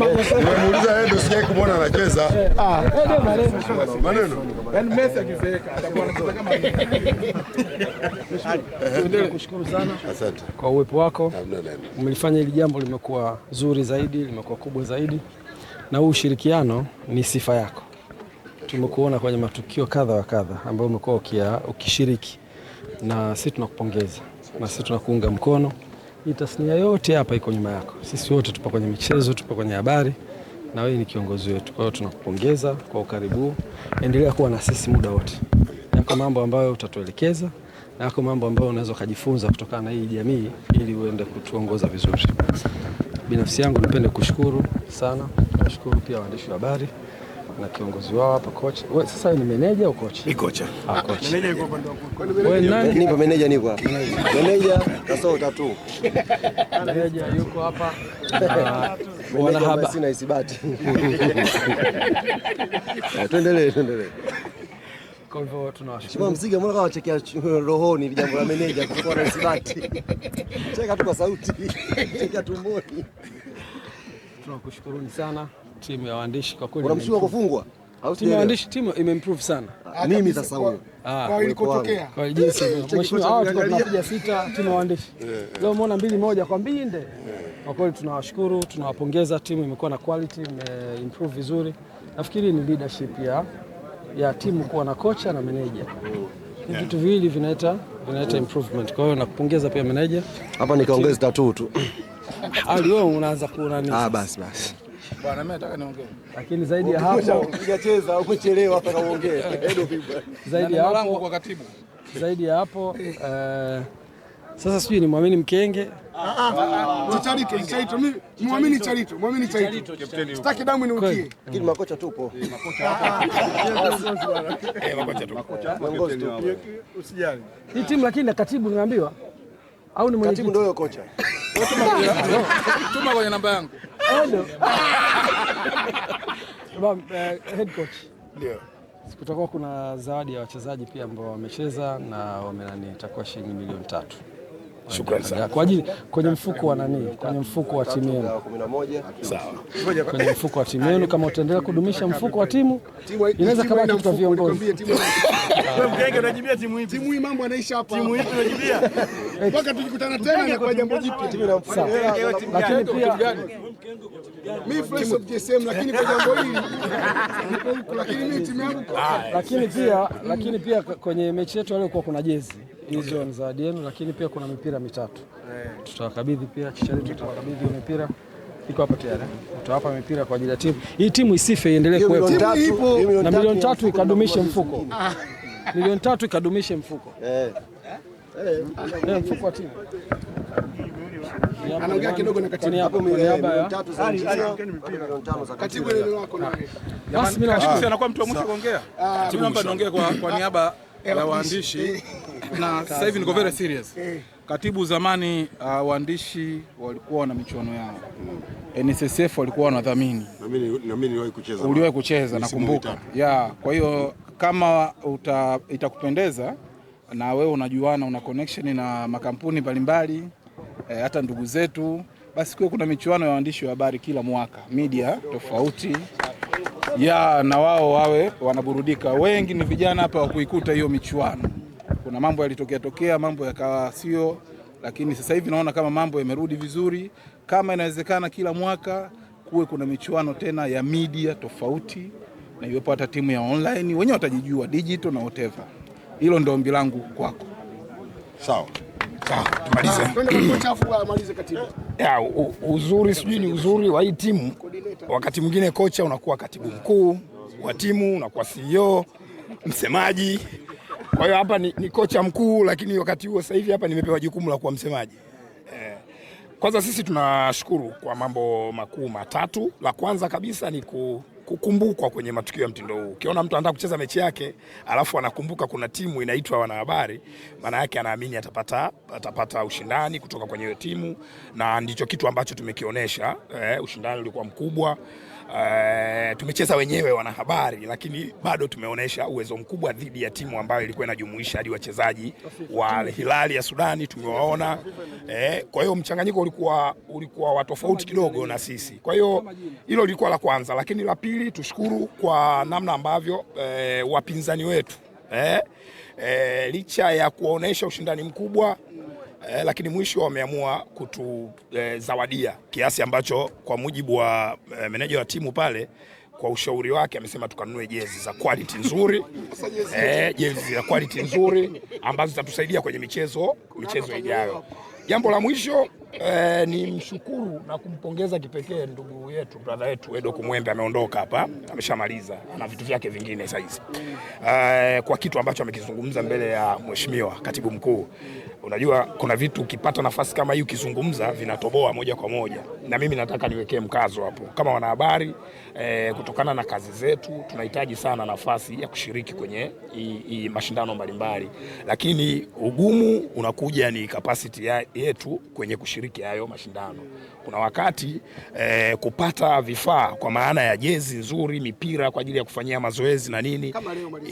Nimemuuliza sijai kumwona anacheza ah. Ah. maneno yaani kushukuru sana kwa uwepo wako umelifanya hili jambo limekuwa zuri zaidi, limekuwa kubwa zaidi, na huu ushirikiano ni sifa yako. Tumekuona kwenye matukio kadha wa kadha ambayo umekuwa ukishiriki, na sisi tunakupongeza na sisi tunakuunga mkono. Hii tasnia yote hapa iko nyuma yako. Sisi wote tupo kwenye michezo, tupo kwenye habari na wewe ni kiongozi wetu. Kwa hiyo tunakupongeza kwa ukaribu. Endelea kuwa na sisi muda wote. Yako mambo ambayo utatuelekeza na yako mambo ambayo unaweza kujifunza kutokana na hii jamii ili uende kutuongoza vizuri. Binafsi yangu nipende kushukuru sana. Nashukuru pia waandishi wa habari na kiongozi wao hapa kocha. Wewe sasa ni meneja au kocha? Ni kocha. Ah, kocha. Meneja yuko upande wako. Wewe nani? Yaani nipo meneja niko hapa. Meneja kasota tu. Meneja yuko hapa. Wana haba. Sina isibati. Eh, tuendelee, tuendelee. Kwa hivyo tunawashukuru. Mzige mbona kama wachekea rohoni jambo la meneja kwa na isibati. Cheka tu kwa sauti. Cheka tumboni. Tunakushukuruni sana timu ya waandishi kwa kweli, unamshukuru kufungwa timu ya waandishi, timu imeimprove sana. Ah, Mimi sasa huyo Ah, kwa ilikotokea kwa jinsi mheshimiwa, hao tulikuwa tunapiga sita, timu ya waandishi leo umeona mbili moja kwa mbinde. Kwa kweli tunawashukuru, tunawapongeza, timu imekuwa na quality, imeimprove vizuri. Nafikiri ni leadership ya ya timu kuwa na kocha na meneja Ni vitu viwili vinaleta vinaleta improvement. Kwa hiyo nakupongeza pia meneja hapa, nikaongeza tatu tu. Ali wewe unaanza kuona nini? Ah, basi basi. Bwana mimi nataka niongee. Lakini zaidi ya hapo ungecheza au kuchelewa hata kaongea. Zaidi ya hapo kwa katibu. Zaidi ya hapo eh, sasa sijui ni ah, ah, ah, mwamini Mkenge. Mwamini Charito, mwamini Charito. Sitaki damu ni niutie. Lakini makocha tupo. Eh, makocha eh, Usijali. Hii timu lakini na katibu naambiwa au ni mwenye Katibu ndio kocha. Tuma kwenye namba yangu. Eh, head coach. Ndio. Kutakuwa kuna zawadi ya wachezaji pia ambao wamecheza na wamenani, itakuwa shilingi milioni tatu. Shukrani sana. Kwa ajili kwenye mfuko wa nani? Kwenye mfuko wa timu yenu. Sawa. Kwenye mfuko wa timu yenu, kama utaendelea kudumisha mfuko wa timu inaweza kama kitu cha viongozi. Mkenge Unajibia timu hii. Timu hii mambo yanaisha hapa. Timu hii unajibia? Mpaka tukikutana tena na kwa jambo jipya. Timu mfuko. Lakini pia mimi fresh of JSM lakini kwa jambo hili lakini mimi timu yangu lakini pia lakini pia kwenye mechi yetu leo kuna jezi hizo okay, ni zawadi yenu, lakini pia kuna mipira mitatu yeah. Tutawakabidhi pia chicharetu, tutawakabidhi mipira iko hapa tayari, tutawapa mipira kwa ajili ya timu hii, timu isife, iendelee kuwepo na milioni tatu ikadumishe mfuko milioni tatu ikadumishe mfuko mfuko wa timu anaongea kidogo na katibu basi, mimi nashukuru sana kwa mtu wa mwisho kuongea, Mimi naomba niongee kwa niaba Eh, la waandishi eh. na sasa hivi niko very serious. Eh. Katibu zamani uh, waandishi walikuwa na michuano yao NSSF walikuwa wanadhamini, na mimi na mimi niliwahi kucheza, uliwahi kucheza nakumbuka yeah. Kwa hiyo kama uta, itakupendeza na wewe unajuana, una connection na makampuni mbalimbali eh, hata ndugu zetu, basi kwa kuna michuano ya waandishi wa habari kila mwaka, media tofauti ya na wao wawe wanaburudika. Wengi ni vijana hapa wa kuikuta hiyo michuano, kuna mambo yalitokea tokea, mambo yakawa sio, lakini sasa hivi naona kama mambo yamerudi vizuri. Kama inawezekana, kila mwaka kuwe kuna michuano tena ya media tofauti, na iwepo hata timu ya online, wenyewe watajijua digital na whatever. Hilo ndio ombi langu kwako. Sawa sawa, tumalize ya, uzuri sijui ni uzuri wa hii timu. Wakati mwingine kocha unakuwa katibu mkuu wa timu, unakuwa CEO, msemaji. Kwa hiyo hapa ni, ni kocha mkuu, lakini wakati huo sasa hivi hapa nimepewa jukumu la kuwa msemaji. Eh, kwanza sisi tunashukuru kwa mambo makuu matatu. La kwanza kabisa ni ku kukumbukwa kwenye matukio ya mtindo huu. Ukiona mtu anataka kucheza mechi yake alafu anakumbuka kuna timu inaitwa Wanahabari, maana yake anaamini atapata, atapata ushindani kutoka kwenye hiyo timu, na ndicho kitu ambacho tumekionyesha. Eh, ushindani ulikuwa mkubwa. Uh, tumecheza wenyewe wanahabari, lakini bado tumeonyesha uwezo mkubwa dhidi ya timu ambayo ilikuwa inajumuisha hadi wachezaji wa Hilali ya Sudani tumewaona. Eh, kwa hiyo mchanganyiko ulikuwa, ulikuwa wa tofauti kidogo na sisi, kwa hiyo hilo lilikuwa la kwanza, lakini la pili tushukuru kwa namna ambavyo eh, wapinzani wetu eh, eh, licha ya kuonyesha ushindani mkubwa eh, lakini mwisho wameamua kutuzawadia eh, kiasi ambacho kwa mujibu wa eh, meneja wa timu pale kwa ushauri wake amesema tukanunue jezi za quality nzuri eh, jezi za quality nzuri ambazo zitatusaidia kwenye michezo michezo ijayo. Jambo la mwisho eh, ni mshukuru na kumpongeza kipekee ndugu yetu brother yetu Edo Kumwembe. Ameondoka hapa, ameshamaliza, ana vitu vyake vingine sasa hizi eh, kwa kitu ambacho amekizungumza mbele ya mheshimiwa katibu mkuu Unajua kuna vitu ukipata nafasi kama hii ukizungumza vinatoboa moja kwa moja, na mimi nataka niwekee mkazo hapo kama wanahabari e, kutokana na kazi zetu tunahitaji sana nafasi ya kushiriki kwenye i, i, mashindano mbalimbali, lakini ugumu unakuja ni capacity yetu kwenye kushiriki hayo mashindano. Kuna wakati e, kupata vifaa kwa maana ya jezi nzuri, mipira kwa ajili ya kufanyia mazoezi na nini,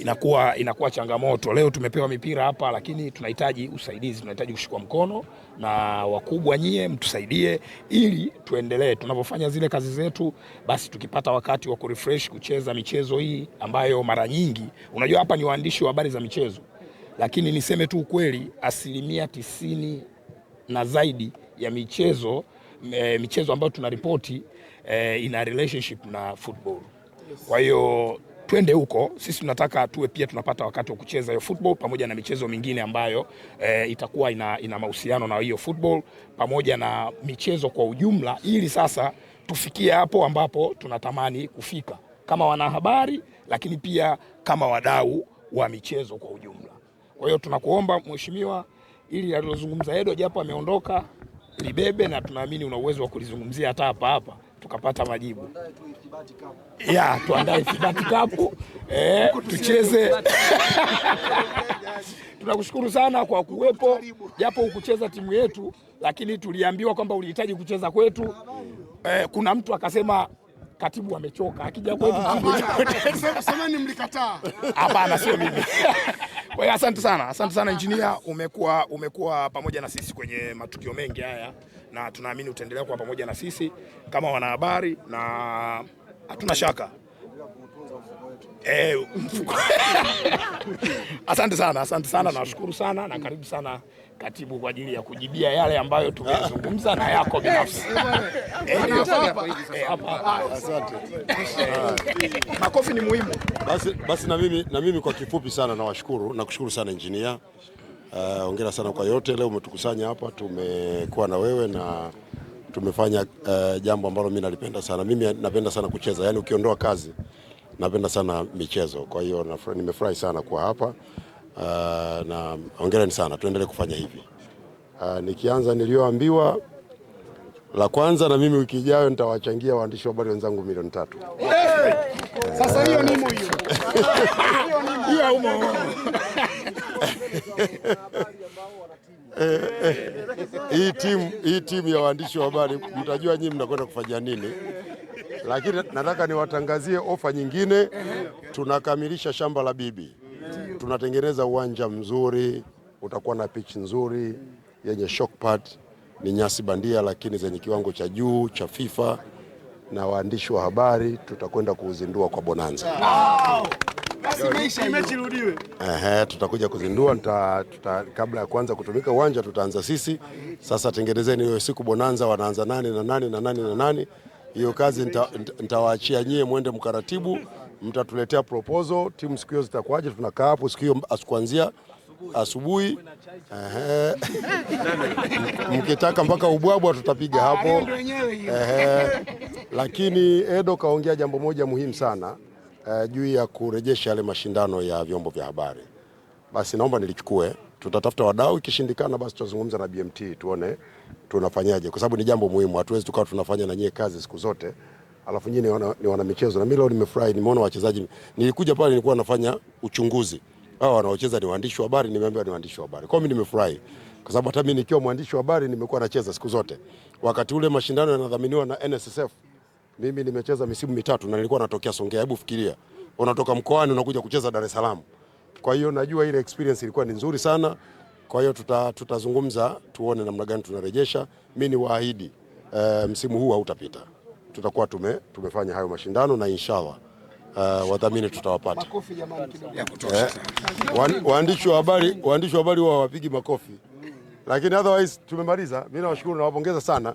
inakuwa inakuwa changamoto. Leo tumepewa mipira hapa, lakini tunahitaji usaidizi sisi tunahitaji kushikwa mkono na wakubwa, nyie mtusaidie, ili tuendelee tunapofanya zile kazi zetu, basi tukipata wakati wa kurefresh kucheza michezo hii ambayo mara nyingi, unajua hapa ni waandishi wa habari za michezo, lakini niseme tu ukweli, asilimia tisini na zaidi ya michezo michezo ambayo tunaripoti e, ina relationship na football. Kwa hiyo twende huko. Sisi tunataka tuwe pia tunapata wakati wa kucheza hiyo football pamoja na michezo mingine ambayo e, itakuwa ina, ina mahusiano na hiyo football pamoja na michezo kwa ujumla, ili sasa tufikie hapo ambapo tunatamani kufika kama wanahabari, lakini pia kama wadau wa michezo kwa ujumla. Kwa hiyo tunakuomba mheshimiwa, ili alilozungumza Edo japo ameondoka libebe, na tunaamini una uwezo wa kulizungumzia hata hapa hapa tukapata majibu ya tuandae ithibati kapu eh, tucheze. Tunakushukuru sana kwa kuwepo, japo hukucheza timu yetu, lakini tuliambiwa kwamba ulihitaji kucheza kwetu. Eh, kuna mtu akasema katibu amechoka akija kwetu. Ah, Semeni mlikataa? Hapana, sio mimi. Kwa hiyo asante sana, asante sana injinia, umekuwa umekuwa pamoja na sisi kwenye matukio mengi haya, na tunaamini utaendelea kuwa pamoja na sisi kama wanahabari, na hatuna shaka eh, asante sana, asante sana, nawashukuru sana na karibu sana katibu kwa ajili ya kujibia yale ambayo tumezungumza na yako binafsi. Asante. Makofi ni muhimu. Basi, basi na mimi, na mimi kwa kifupi sana nawashukuru, nakushukuru sana injinia. Eh, hongera uh, sana kwa yote leo umetukusanya hapa, tumekuwa na wewe na tumefanya uh, jambo ambalo mimi nalipenda sana. Mimi napenda sana kucheza, yaani ukiondoa kazi napenda sana michezo. Kwa hiyo nimefurahi sana kuwa hapa uh, na hongereni sana, tuendelee kufanya hivi. Uh, ah, nikianza niliyoambiwa la kwanza, na mimi wiki ijayo nitawachangia waandishi wa habari wenzangu milioni tatu. Sasa hiyo ni hiyo hii timu hii timu ya waandishi wa habari mtajua nyinyi mnakwenda kufanya nini, lakini nataka niwatangazie ofa nyingine. Tunakamilisha shamba la bibi tunatengeneza uwanja mzuri, utakuwa na pitch nzuri yenye shock pad, ni nyasi bandia lakini zenye kiwango cha juu cha FIFA, na waandishi wa habari tutakwenda kuuzindua kwa Bonanza. Wow! Ehe, tutakuja kuzindua tuta, tuta, kabla ya kuanza kutumika uwanja tutaanza sisi sasa. Tengenezeni hiyo siku Bonanza, wanaanza nani na nani na nani na nani. Hiyo kazi nitawaachia nyie, mwende mkaratibu mtatuletea proposal, timu siku hiyo zitakuwaje? Tunakaa hapo siku hiyo asikuanzia asubuhi mkitaka mpaka ubwabwa tutapiga ah, hapo. Lakini Edo kaongea jambo moja muhimu sana eh, juu ya kurejesha yale mashindano ya vyombo vya habari. Basi naomba nilichukue, tutatafuta wadau, ikishindikana basi tutazungumza na BMT tuone tunafanyaje, kwa sababu ni jambo muhimu. Hatuwezi tukawa tunafanya na nyie kazi siku zote alafu nyinyi ni wana michezo, na mimi leo nimefurahi, nimeona wachezaji. Nilikuja pale nilikuwa nafanya uchunguzi, hao wanaocheza ni waandishi wa habari, nimeambiwa ni waandishi wa habari. Kwa hiyo mimi nimefurahi kwa sababu hata mimi nikiwa mwandishi wa habari nimekuwa nacheza siku zote. Wakati ule mashindano yanadhaminiwa na NSSF, mimi nimecheza misimu mitatu na nilikuwa natokea Songea. Hebu fikiria, unatoka mkoani unakuja kucheza Dar es Salaam. Kwa hiyo najua ile experience ilikuwa ni nzuri sana. Kwa hiyo tuta, tutazungumza tuone namna gani tunarejesha. Mimi niwaahidi e, msimu huu hautapita tutakuwa tume, tumefanya hayo mashindano na inshallah uh, wadhamini tutawapata. Eh, waandishi wa habari waandishi wa habari wao wapigi makofi, lakini otherwise tumemaliza. Mimi nawashukuru na nawapongeza sana.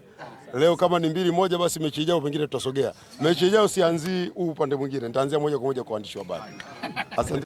Leo kama ni mbili moja, basi mechi ijayo pengine tutasogea. Mechi ijayo sianzii huu upande mwingine, nitaanzia moja kwa moja kwa waandishi wa habari. Asante.